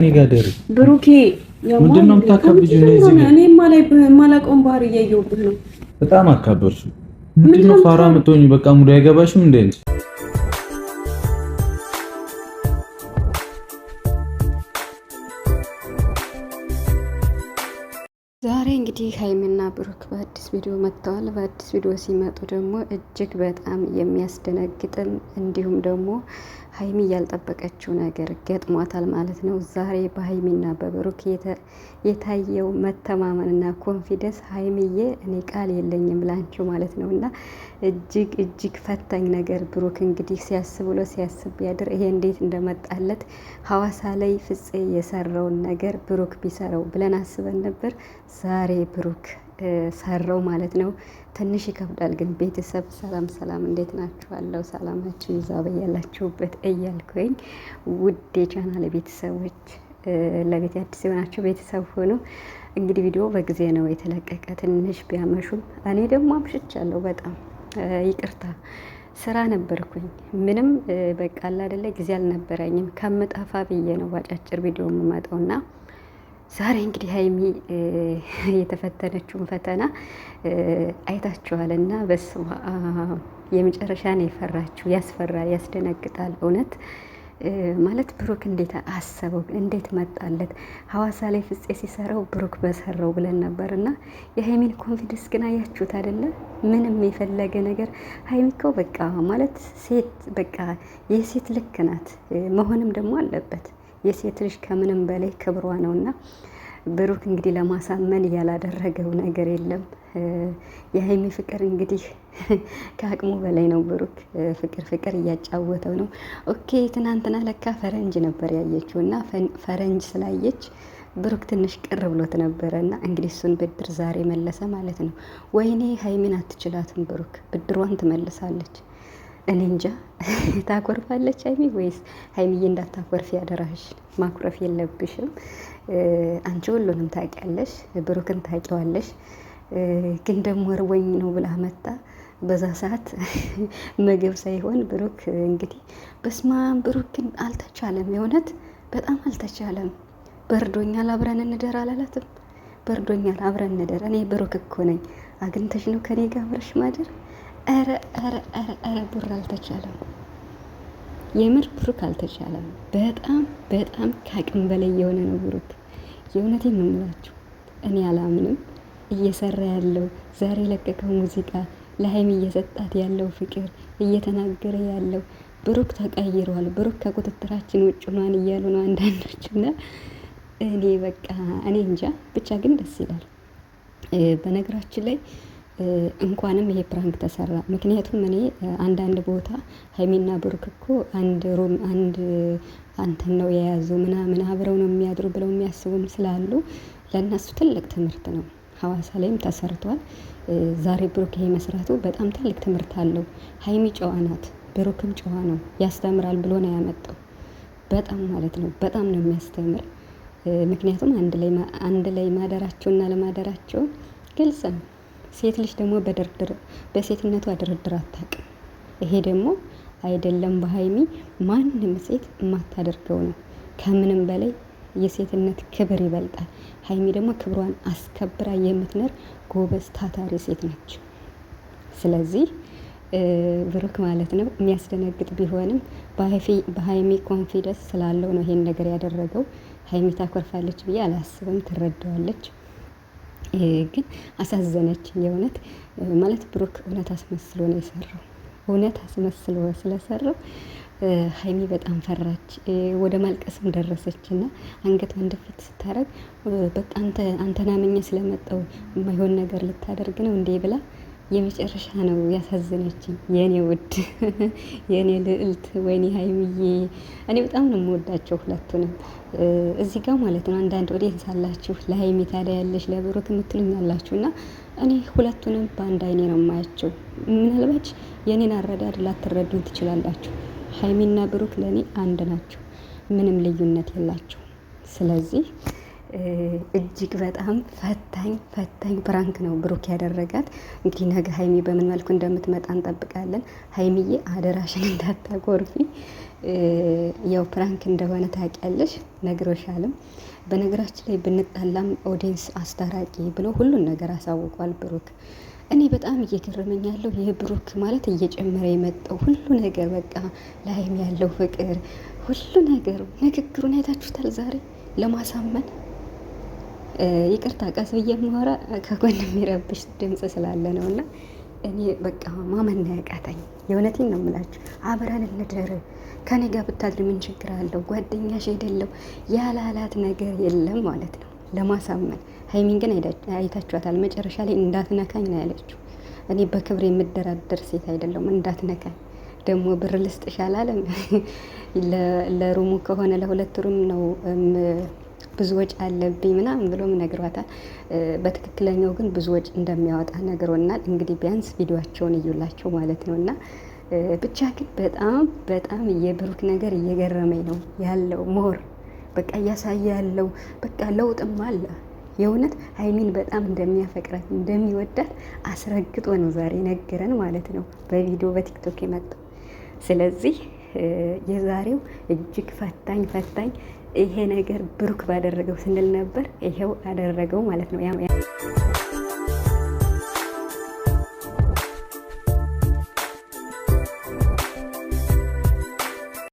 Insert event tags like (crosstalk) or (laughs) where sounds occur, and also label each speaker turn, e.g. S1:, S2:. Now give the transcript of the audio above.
S1: ብሩኬ ምንድነው የምታካብጂው?
S2: እኔ የማላውቀውን ባህሪ እያየሁብህ ነው።
S1: በጣም አካበርሽው። ነው ፋራ የምትሆኚው? በቃ ሙድ አይገባሽም እንዴ?
S2: ዛሬ እንግዲህ ሀይሚና ብሩክ በአዲስ ቪዲዮ መጥተዋል። በአዲስ ቪዲዮ ሲመጡ ደግሞ እጅግ በጣም የሚያስደነግጥን እንዲሁም ደግሞ ሀይሚ ያልጠበቀችው ነገር ገጥሟታል ማለት ነው። ዛሬ በሀይሚና በብሩክ የታየው መተማመንና ኮንፊደንስ ሀይሚዬ እኔ ቃል የለኝም ላንቺው ማለት ነው እና እጅግ እጅግ ፈታኝ ነገር ብሩክ እንግዲህ ሲያስብ ብሎ ሲያስብ ያድር ይሄ እንዴት እንደመጣለት ሀዋሳ ላይ ፍፄ የሰራውን ነገር ብሩክ ቢሰራው ብለን አስበን ነበር። ዛሬ ብሩክ ሰራው ማለት ነው። ትንሽ ይከብዳል ግን ቤተሰብ ሰላም ሰላም፣ እንዴት ናችኋለሁ? ሰላማችሁ ይዛ በያላችሁበት እያልኩኝ ውድ የቻናል ቤተሰቦች ለቤት አዲስ የሆናቸው ቤተሰብ ሆኖ እንግዲህ ቪዲዮ በጊዜ ነው የተለቀቀ። ትንሽ ቢያመሹም እኔ ደግሞ አምሽቻለሁ። በጣም ይቅርታ ስራ ነበርኩኝ። ምንም በቃ አላደለ ጊዜ አልነበረኝም። ከምጠፋ ብዬ ነው ባጫጭር ቪዲዮ የምመጣውና ዛሬ እንግዲህ ሀይሚ የተፈተነችውን ፈተና አይታችኋል እና በስመ አብ የመጨረሻ ነው የፈራችሁ። ያስፈራ ያስደነግጣል። እውነት ማለት ብሩክ እንዴት አሰበው? እንዴት መጣለት? ሀዋሳ ላይ ፍጼ ሲሰራው ብሩክ በሰራው ብለን ነበር እና የሀይሚን ኮንፊደንስ ግን አያችሁት አይደለ? ምንም የፈለገ ነገር ሀይሚ እኮ በቃ ማለት ሴት በቃ የሴት ልክ ናት፣ መሆንም ደግሞ አለበት የሴት ልጅ ከምንም በላይ ክብሯ ነው እና ብሩክ እንግዲህ ለማሳመን ያላደረገው ነገር የለም። የሀይሚ ፍቅር እንግዲህ (laughs) ከአቅሙ በላይ ነው። ብሩክ ፍቅር ፍቅር እያጫወተው ነው። ኦኬ ትናንትና ለካ ፈረንጅ ነበር ያየችው እና ፈረንጅ ስላየች ብሩክ ትንሽ ቅር ብሎት ነበረ እና እንግዲህ እሱን ብድር ዛሬ መለሰ ማለት ነው። ወይኔ ሀይሚን አትችላትም ብሩክ ብድሯን ትመልሳለች። እኔ እንጃ (laughs) ታኮርፋለች ሀይሚ ወይስ ሀይሚዬ እንዳታኮርፊ ያደራሽ ማኩረፍ የለብሽም አንቺ ሁሉንም ታውቂያለሽ ብሩክን ታውቂዋለሽ ግን ደግሞ እርቦኝ ነው ብላ መጣ በዛ ሰዓት (laughs) ምግብ ሳይሆን ብሩክ እንግዲህ በስማም ብሩክን አልተቻለም የእውነት በጣም አልተቻለም በርዶኛል አብረን እንደር አላላትም በርዶኛል አብረን እንደር እኔ ብሩክ እኮ ነኝ አግኝተሽ ነው ከኔ ጋር አብረሽ ማደር ኧረ ኧረ ኧረ ኧረ ብሩክ አልተቻለም። የምር ብሩክ አልተቻለም። በጣም በጣም ከአቅም በላይ የሆነ ነው ብሩክ። የእውነቴን ነው የምላችሁ። እኔ አላምንም እየሰራ ያለው ዛሬ የለቀቀው ሙዚቃ ለሀይም እየሰጣት ያለው ፍቅር እየተናገረ ያለው ብሩክ ተቀይሯል፣ ብሩክ ከቁጥጥራችን ውጭ ሆኗን እያሉ ነው አንዳንዶች እና እኔ በቃ እኔ እንጃ ብቻ ግን ደስ ይላል። በነገራችን ላይ እንኳንም ይሄ ፕራንክ ተሰራ። ምክንያቱም እኔ አንዳንድ ቦታ ሀይሚና ብሩክ እኮ አንድ ሩም አንድ አንተን ነው የያዙ ምናምን አብረው ነው የሚያድሩ ብለው የሚያስቡም ስላሉ ለእነሱ ትልቅ ትምህርት ነው። ሀዋሳ ላይም ተሰርቷል። ዛሬ ብሩክ ይሄ መስራቱ በጣም ትልቅ ትምህርት አለው። ሀይሚ ጨዋ ናት፣ ብሩክም ጨዋ ነው። ያስተምራል ብሎ ነው ያመጣው። በጣም ማለት ነው በጣም ነው የሚያስተምር። ምክንያቱም አንድ ላይ ማደራቸውና ለማደራቸውን ግልጽ ነው። ሴት ልጅ ደግሞ በድርድር በሴትነቷ ድርድር አታውቅም። ይሄ ደግሞ አይደለም በሀይሚ ማንም ሴት የማታደርገው ነው። ከምንም በላይ የሴትነት ክብር ይበልጣል። ሀይሚ ደግሞ ክብሯን አስከብራ የምትኖር ጎበዝ ታታሪ ሴት ነች። ስለዚህ ብሩክ ማለት ነው የሚያስደነግጥ ቢሆንም በሀይሚ ኮንፊደንስ ስላለው ነው ይሄን ነገር ያደረገው። ሀይሚ ታኮርፋለች ብዬ አላስብም። ትረዳዋለች ግን አሳዘነችኝ። የእውነት ማለት ብሩክ እውነት አስመስሎ ነው የሰራው። እውነት አስመስሎ ስለሰራው ሀይሚ በጣም ፈራች፣ ወደ ማልቀስም ደረሰች እና አንገት ደፍት ስታደርግ በቃ አንተን አምኜ ስለመጣሁ የማይሆን ነገር ልታደርግ ነው እንዴ ብላ የመጨረሻ ነው ያሳዘነች። የእኔ ውድ የእኔ ልዕልት፣ ወይኔ ሀይሚዬ፣ እኔ በጣም ነው የምወዳቸው ሁለቱንም። እዚህ ጋር ማለት ነው አንዳንድ ኦዲየንስ አላችሁ ለሀይሚ ታዲያ ያለች ለብሩክ የምትሉኝ አላችሁ እና እኔ ሁለቱንም በአንድ አይኔ ነው የማያቸው። ምናልባች የእኔን አረዳድ ላትረዱኝ ትችላላችሁ። ሀይሚና ብሩክ ለእኔ አንድ ናቸው፣ ምንም ልዩነት የላቸው። ስለዚህ እጅግ በጣም ፈታኝ ፈታኝ ፕራንክ ነው ብሩክ ያደረጋት። እንግዲህ ነገ ሀይሚ በምን መልኩ እንደምትመጣ እንጠብቃለን። ሀይሚዬ አደራሽን እንዳታጎርፊ ያው ፕራንክ እንደሆነ ታውቂያለሽ፣ ነግሮሻልም። በነገራችን ላይ ብንጣላም ኦዲንስ አስታራቂ ብሎ ሁሉን ነገር አሳውቋል ብሩክ። እኔ በጣም እየገረመኝ ያለው ይህ ብሩክ ማለት እየጨመረ የመጣው ሁሉ ነገር በቃ ለሀይሚ ያለው ፍቅር ሁሉ ነገር ንግግሩን አይታችሁታል ዛሬ ለማሳመን ይቅርታ ቀስ ብዬ ከጎን የሚረብሽ ድምፅ ስላለ ነው እና እኔ በቃ ማመን ነው ያቃተኝ። የእውነቴን ነው የምላችሁ። አብረን እንደር ከኔ ጋር ብታድር ምን ችግር አለው? ጓደኛሽ አይደለው ያላላት ነገር የለም ማለት ነው ለማሳመን። ሀይሚን ግን አይታችኋታል። መጨረሻ ላይ እንዳትነካኝ ነው ያለችው። እኔ በክብር የምደራደር ሴት አይደለም፣ እንዳትነካኝ ደግሞ ብር ልስጥሽ አላለም። (laughs) ለሩሙ ከሆነ ለሁለት ሩም ነው ብዙ ወጪ አለብኝ ምናምን ብሎም ነግሯታል። በትክክለኛው ግን ብዙ ወጪ እንደሚያወጣ ነግሮናል። እንግዲህ ቢያንስ ቪዲዮቸውን እዩላቸው ማለት ነው እና ብቻ ግን በጣም በጣም የብሩክ ነገር እየገረመኝ ነው ያለው። ሞር በቃ እያሳየ ያለው በቃ ለውጥም አለ። የእውነት ሀይሚን በጣም እንደሚያፈቅራት እንደሚወዳት አስረግጦ ነው ዛሬ ነገረን ማለት ነው በቪዲዮ በቲክቶክ የመጣው። ስለዚህ የዛሬው እጅግ ፈታኝ ፈታኝ ይሄ ነገር ብሩክ ባደረገው ስንል ነበር። ይሄው አደረገው ማለት ነው።